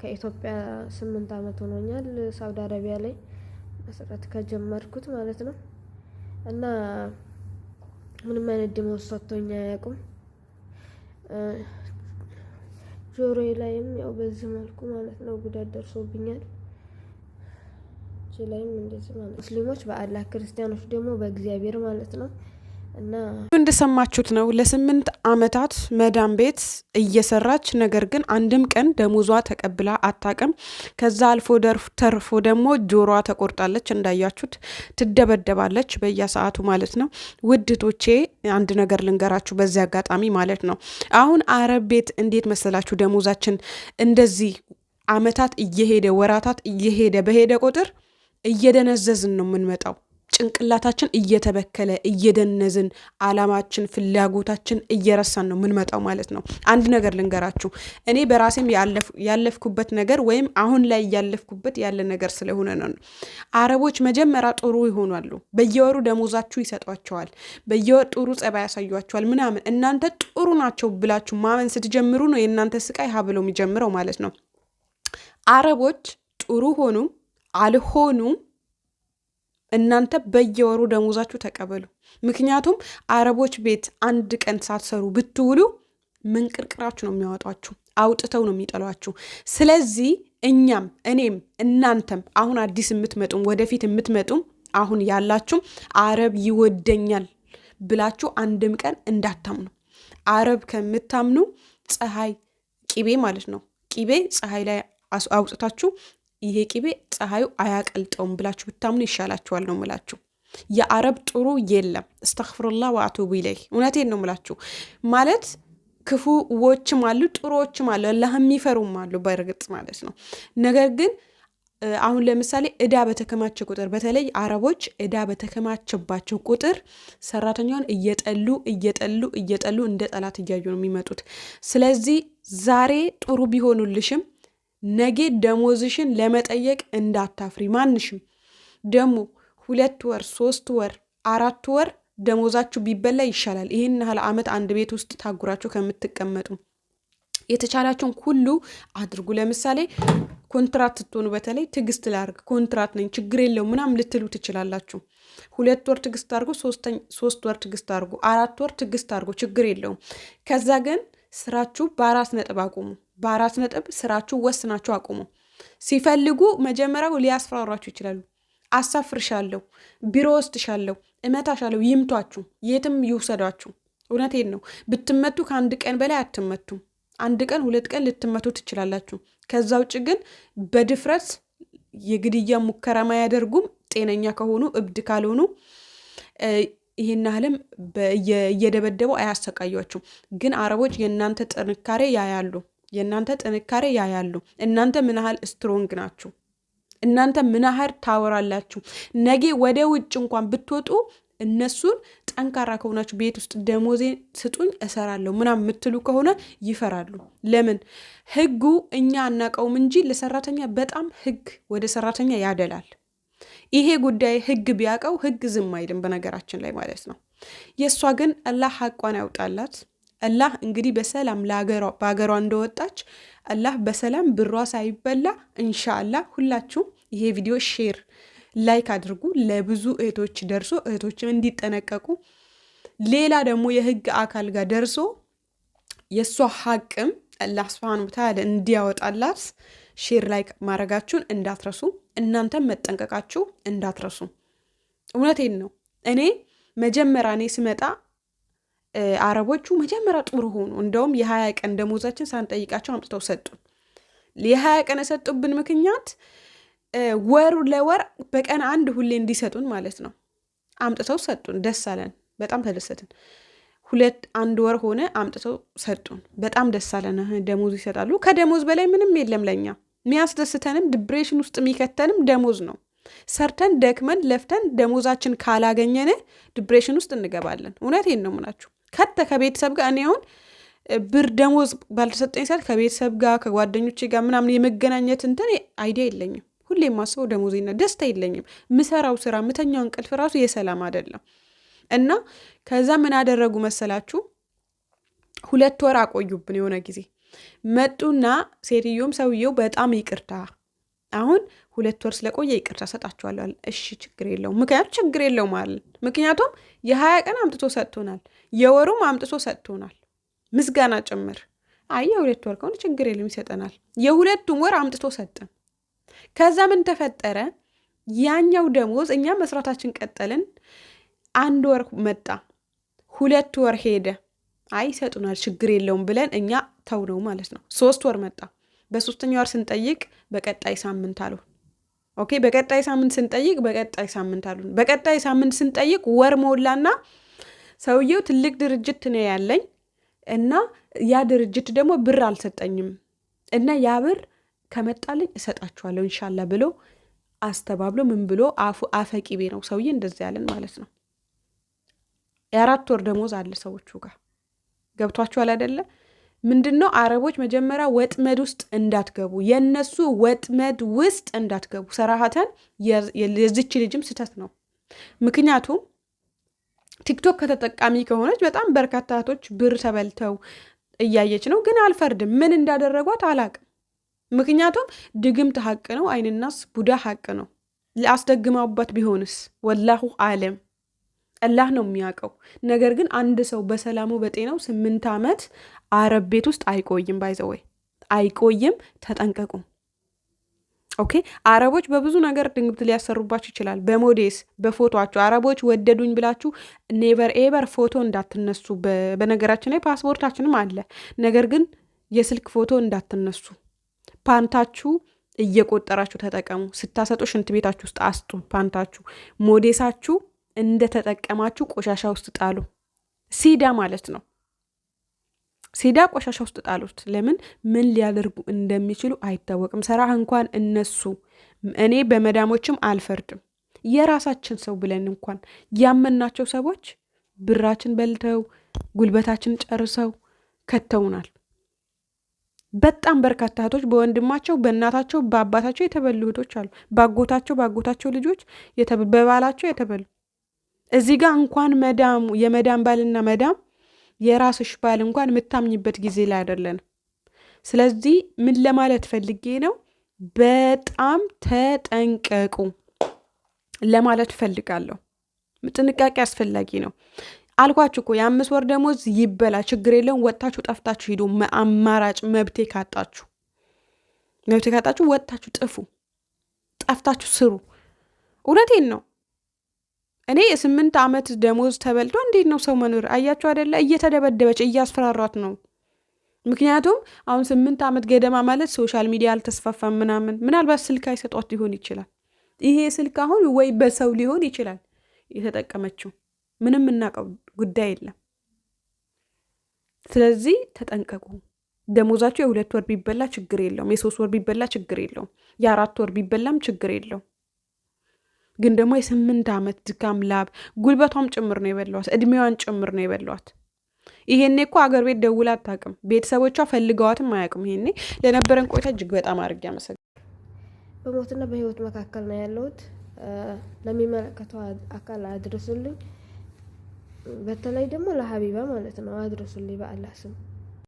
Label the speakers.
Speaker 1: ከኢትዮጵያ ስምንት ዓመት ሆኖኛል ሳውዲ አረቢያ ላይ መስራት ከጀመርኩት ማለት ነው። እና ምንም አይነት ደሞዝ ሰጥቶኝ አያውቁም። ጆሮዬ ላይም ያው በዚህ መልኩ ማለት ነው ጉዳት ደርሶብኛል። ላይም እንደዚህ ማለት ሙስሊሞች በአላህ ክርስቲያኖች ደግሞ በእግዚአብሔር ማለት ነው
Speaker 2: እንደሰማችሁት ነው። ለስምንት አመታት መዳም ቤት እየሰራች ነገር ግን አንድም ቀን ደሞዟ ተቀብላ አታቅም። ከዛ አልፎ ተርፎ ደግሞ ጆሮዋ ተቆርጣለች። እንዳያችሁት ትደበደባለች በየሰዓቱ ማለት ነው። ውድቶቼ አንድ ነገር ልንገራችሁ በዚህ አጋጣሚ ማለት ነው። አሁን አረብ ቤት እንዴት መሰላችሁ ደሞዛችን እንደዚህ አመታት እየሄደ ወራታት እየሄደ በሄደ ቁጥር እየደነዘዝን ነው የምንመጣው ጭንቅላታችን እየተበከለ እየደነዝን አላማችን ፍላጎታችን እየረሳን ነው ምንመጣው ማለት ነው። አንድ ነገር ልንገራችሁ፣ እኔ በራሴም ያለፍኩበት ነገር ወይም አሁን ላይ እያለፍኩበት ያለ ነገር ስለሆነ ነው። አረቦች መጀመሪያ ጥሩ ይሆናሉ። በየወሩ ደሞዛችሁ ይሰጧቸዋል፣ በየወር ጥሩ ጸባይ ያሳዩቸዋል ምናምን። እናንተ ጥሩ ናቸው ብላችሁ ማመን ስትጀምሩ ነው የእናንተ ስቃይ ሀብለው የሚጀምረው ማለት ነው። አረቦች ጥሩ ሆኑ አልሆኑም እናንተ በየወሩ ደሞዛችሁ ተቀበሉ። ምክንያቱም አረቦች ቤት አንድ ቀን ሳትሰሩ ብትውሉ ምንቅርቅራችሁ ነው የሚያወጧችሁ፣ አውጥተው ነው የሚጠሏችሁ። ስለዚህ እኛም እኔም እናንተም አሁን አዲስ የምትመጡም ወደፊት የምትመጡም አሁን ያላችሁም አረብ ይወደኛል ብላችሁ አንድም ቀን እንዳታምኑ። አረብ ከምታምኑ ፀሐይ፣ ቂቤ ማለት ነው ቂቤ ፀሐይ ላይ አውጥታችሁ ይሄ ቂቤ ፀሐዩ አያቀልጠውም ብላችሁ ብታምኑ ይሻላችኋል ነው ምላችሁ። የአረብ ጥሩ የለም። እስተክፍሩላ ወአቱቡ ኢለይህ። እውነቴን ነው ምላችሁ ማለት ክፉዎችም አሉ ጥሩዎችም አሉ፣ አላህን የሚፈሩም አሉ በእርግጥ ማለት ነው። ነገር ግን አሁን ለምሳሌ እዳ በተከማቸ ቁጥር በተለይ አረቦች እዳ በተከማቸባቸው ቁጥር ሰራተኛውን እየጠሉ እየጠሉ እየጠሉ እንደ ጠላት እያዩ ነው የሚመጡት። ስለዚህ ዛሬ ጥሩ ቢሆኑልሽም ነገ ደሞዝሽን ለመጠየቅ እንዳታፍሪ። ማንሽም ደግሞ ሁለት ወር ሶስት ወር አራት ወር ደሞዛችሁ ቢበላ ይሻላል። ይህን ያህል ዓመት አንድ ቤት ውስጥ ታጉራችሁ ከምትቀመጡ የተቻላችሁን ሁሉ አድርጉ። ለምሳሌ ኮንትራት ስትሆኑ በተለይ ትዕግስት ላርግ ኮንትራት ነኝ ችግር የለው ምናም ልትሉ ትችላላችሁ። ሁለት ወር ትዕግስት አድርጎ ሶስት ወር ትዕግስት አድርጎ አራት ወር ትዕግስት አድርጎ ችግር የለውም። ከዛ ግን ስራችሁ በአራት ነጥብ አቁሙ። በአራት ነጥብ ስራችሁ ወስናችሁ አቁሙ። ሲፈልጉ መጀመሪያው ሊያስፈራሯችሁ ይችላሉ። አሳፍርሻለሁ፣ ቢሮ ወስድሻለሁ፣ እመታሻለሁ፣ ይምቷችሁ፣ የትም ይውሰዷችሁ። እውነቴን ነው። ብትመቱ ከአንድ ቀን በላይ አትመቱም። አንድ ቀን ሁለት ቀን ልትመቱ ትችላላችሁ። ከዛ ውጭ ግን በድፍረት የግድያ ሙከራም አያደርጉም ጤነኛ ከሆኑ እብድ ካልሆኑ ይህን ያህልም እየደበደበው አያሰቃያችሁም። ግን አረቦች የእናንተ ጥንካሬ ያያሉ። የእናንተ ጥንካሬ ያያሉ። እናንተ ምን ያህል ስትሮንግ ናችሁ፣ እናንተ ምን ያህል ታወራላችሁ። ነገ ወደ ውጭ እንኳን ብትወጡ እነሱን ጠንካራ ከሆናችሁ ቤት ውስጥ ደሞዜ ስጡኝ እሰራለሁ ምናምን የምትሉ ከሆነ ይፈራሉ። ለምን? ህጉ እኛ አናቀውም እንጂ ለሰራተኛ በጣም ህግ ወደ ሰራተኛ ያደላል። ይሄ ጉዳይ ህግ ቢያውቀው ህግ ዝም አይልም፣ በነገራችን ላይ ማለት ነው። የእሷ ግን አላህ ሀቋን ያውጣላት። አላህ እንግዲህ በሰላም በሀገሯ እንደወጣች አላህ በሰላም ብሯ ሳይበላ እንሻላ ሁላችሁም ይሄ ቪዲዮ ሼር ላይክ አድርጉ፣ ለብዙ እህቶች ደርሶ እህቶችም እንዲጠነቀቁ ሌላ ደግሞ የህግ አካል ጋር ደርሶ የእሷ ሀቅም አላህ ስብሃነ ወተዓላ እንዲያወጣላት ሼር ላይክ ማድረጋችሁን እንዳትረሱ፣ እናንተም መጠንቀቃችሁ እንዳትረሱ። እውነቴን ነው። እኔ መጀመሪያ እኔ ስመጣ አረቦቹ መጀመሪያ ጥሩ ሆኑ። እንደውም የሀያ ቀን ደሞዛችን ሳንጠይቃቸው አምጥተው ሰጡን። የሀያ ቀን የሰጡብን ምክንያት ወሩ ለወር በቀን አንድ ሁሌ እንዲሰጡን ማለት ነው። አምጥተው ሰጡን። ደስ አለን። በጣም ተደሰትን። ሁለት አንድ ወር ሆነ አምጥተው ሰጡን። በጣም ደስ አለን። ደሞዝ ይሰጣሉ። ከደሞዝ በላይ ምንም የለም ለኛ የሚያስደስተንም ድብሬሽን ውስጥ የሚከተንም ደሞዝ ነው። ሰርተን ደክመን ለፍተን ደሞዛችን ካላገኘን ድብሬሽን ውስጥ እንገባለን። እውነቴን ነው የምላችሁ። ከተ ከቤተሰብ ጋር እኔ አሁን ብር ደሞዝ ባልተሰጠኝ ሰዓት ከቤተሰብ ጋር ከጓደኞቼ ጋር ምናምን የመገናኘት እንትን አይዲያ የለኝም። ሁሌ የማስበው ደሞዝና ደስታ የለኝም። ምሰራው ስራ ምተኛው እንቅልፍ ራሱ የሰላም አይደለም። እና ከዛ ምን አደረጉ መሰላችሁ? ሁለት ወር አቆዩብን። የሆነ ጊዜ መጡና ሴትዮም ሰውየው በጣም ይቅርታ አሁን ሁለት ወር ስለቆየ ይቅርታ ሰጣችኋለሁ። እሺ ችግር የለውም ምክንያቱ ችግር የለውም አለን። ምክንያቱም የሀያ ቀን አምጥቶ ሰጥቶናል። የወሩም አምጥቶ ሰጥቶናል፣ ምስጋና ጭምር። አይ የሁለት ወር ከሆነ ችግር የለም ይሰጠናል። የሁለቱም ወር አምጥቶ ሰጥን። ከዛ ምን ተፈጠረ? ያኛው ደሞዝ እኛ መስራታችን ቀጠልን። አንድ ወር መጣ፣ ሁለት ወር ሄደ። አይ ይሰጡናል፣ ችግር የለውም ብለን እኛ ተው ነው ማለት ነው። ሶስት ወር መጣ። በሶስተኛ ወር ስንጠይቅ በቀጣይ ሳምንት አሉ። ኦኬ፣ በቀጣይ ሳምንት ስንጠይቅ በቀጣይ ሳምንት አሉ። በቀጣይ ሳምንት ስንጠይቅ ወር ሞላና ሰውየው ትልቅ ድርጅት ነው ያለኝ እና ያ ድርጅት ደግሞ ብር አልሰጠኝም እና ያ ብር ከመጣልኝ እሰጣችኋለሁ እንሻላ ብሎ አስተባብሎ ምን ብሎ አፉ አፈቂቤ ነው ሰውዬ እንደዚ ያለን ማለት ነው። የአራት ወር ደሞዝ አለ ሰዎቹ ጋር ገብቷችኋል አይደለ? ምንድን ነው አረቦች መጀመሪያ ወጥመድ ውስጥ እንዳትገቡ፣ የእነሱ ወጥመድ ውስጥ እንዳትገቡ። ሰራሀተን የዚች ልጅም ስህተት ነው ምክንያቱም ቲክቶክ ከተጠቃሚ ከሆነች በጣም በርካታ እህቶች ብር ተበልተው እያየች ነው። ግን አልፈርድም፣ ምን እንዳደረጓት አላቅም። ምክንያቱም ድግምት ሀቅ ነው፣ አይንናስ ቡዳ ሀቅ ነው። ለአስደግማውበት ቢሆንስ ወላሁ አለም አላህ ነው የሚያውቀው። ነገር ግን አንድ ሰው በሰላሙ በጤናው ስምንት ዓመት አረብ ቤት ውስጥ አይቆይም። ባይዘወይ አይቆይም። ተጠንቀቁም ኦኬ አረቦች በብዙ ነገር ድንግብት ሊያሰሩባችሁ ይችላል። በሞዴስ በፎቶችሁ አረቦች ወደዱኝ ብላችሁ ኔቨር ኤቨር ፎቶ እንዳትነሱ። በነገራችን ላይ ፓስፖርታችንም አለ፣ ነገር ግን የስልክ ፎቶ እንዳትነሱ። ፓንታችሁ እየቆጠራችሁ ተጠቀሙ። ስታሰጡ ሽንት ቤታችሁ ውስጥ አስጡ። ፓንታችሁ ሞዴሳችሁ እንደተጠቀማችሁ ቆሻሻ ውስጥ ጣሉ። ሲዳ ማለት ነው። ሲዳ ቆሻሻ ውስጥ ጣሉት። ለምን ምን ሊያደርጉ እንደሚችሉ አይታወቅም። ሰራህ እንኳን እነሱ እኔ በመዳሞችም አልፈርድም። የራሳችን ሰው ብለን እንኳን ያመናቸው ሰዎች ብራችን በልተው ጉልበታችን ጨርሰው ከተውናል። በጣም በርካታ እህቶች በወንድማቸው በእናታቸው በአባታቸው የተበሉ እህቶች አሉ። ባጎታቸው ባጎታቸው ልጆች በባላቸው የተበሉ እዚህ ጋር እንኳን መዳሙ የመዳም ባልና መዳም የራስሽ ባል እንኳን የምታምኝበት ጊዜ ላይ አይደለንም። ስለዚህ ምን ለማለት ፈልጌ ነው? በጣም ተጠንቀቁ ለማለት ፈልጋለሁ። ጥንቃቄ አስፈላጊ ነው። አልኳችሁ እኮ የአምስት ወር ደሞዝ ይበላ ችግር የለውም። ወጥታችሁ ጠፍታችሁ ሂዱ። አማራጭ መብቴ ካጣችሁ መብቴ ካጣችሁ ወጥታችሁ ጥፉ፣ ጠፍታችሁ ስሩ። እውነቴን ነው። እኔ የስምንት ዓመት ደሞዝ ተበልቶ እንዴት ነው ሰው መኖር? አያቸው አደለ? እየተደበደበች እያስፈራሯት ነው። ምክንያቱም አሁን ስምንት ዓመት ገደማ ማለት ሶሻል ሚዲያ አልተስፋፋም ምናምን፣ ምናልባት ስልክ አይሰጧት ሊሆን ይችላል። ይሄ ስልክ አሁን ወይ በሰው ሊሆን ይችላል የተጠቀመችው። ምንም እናውቀው ጉዳይ የለም። ስለዚህ ተጠንቀቁ። ደሞዛቸው የሁለት ወር ቢበላ ችግር የለውም። የሶስት ወር ቢበላ ችግር የለውም። የአራት ወር ቢበላም ችግር የለውም። ግን ደግሞ የስምንት ዓመት ድካም ላብ ጉልበቷም ጭምር ነው የበላዋት፣ እድሜዋን ጭምር ነው የበሏት ይሄኔ እኮ አገር ቤት ደውላ አታውቅም፣ ቤተሰቦቿ ፈልገዋትም አያውቅም። ይሄኔ ለነበረን ቆይታ እጅግ በጣም አድርጌ አመሰግናለሁ።
Speaker 1: በሞትና በህይወት መካከል ነው ያለሁት። ለሚመለከተው አካል አድርሱልኝ፣ በተለይ ደግሞ ለሀቢባ ማለት ነው አድርሱልኝ በአላህ ስም።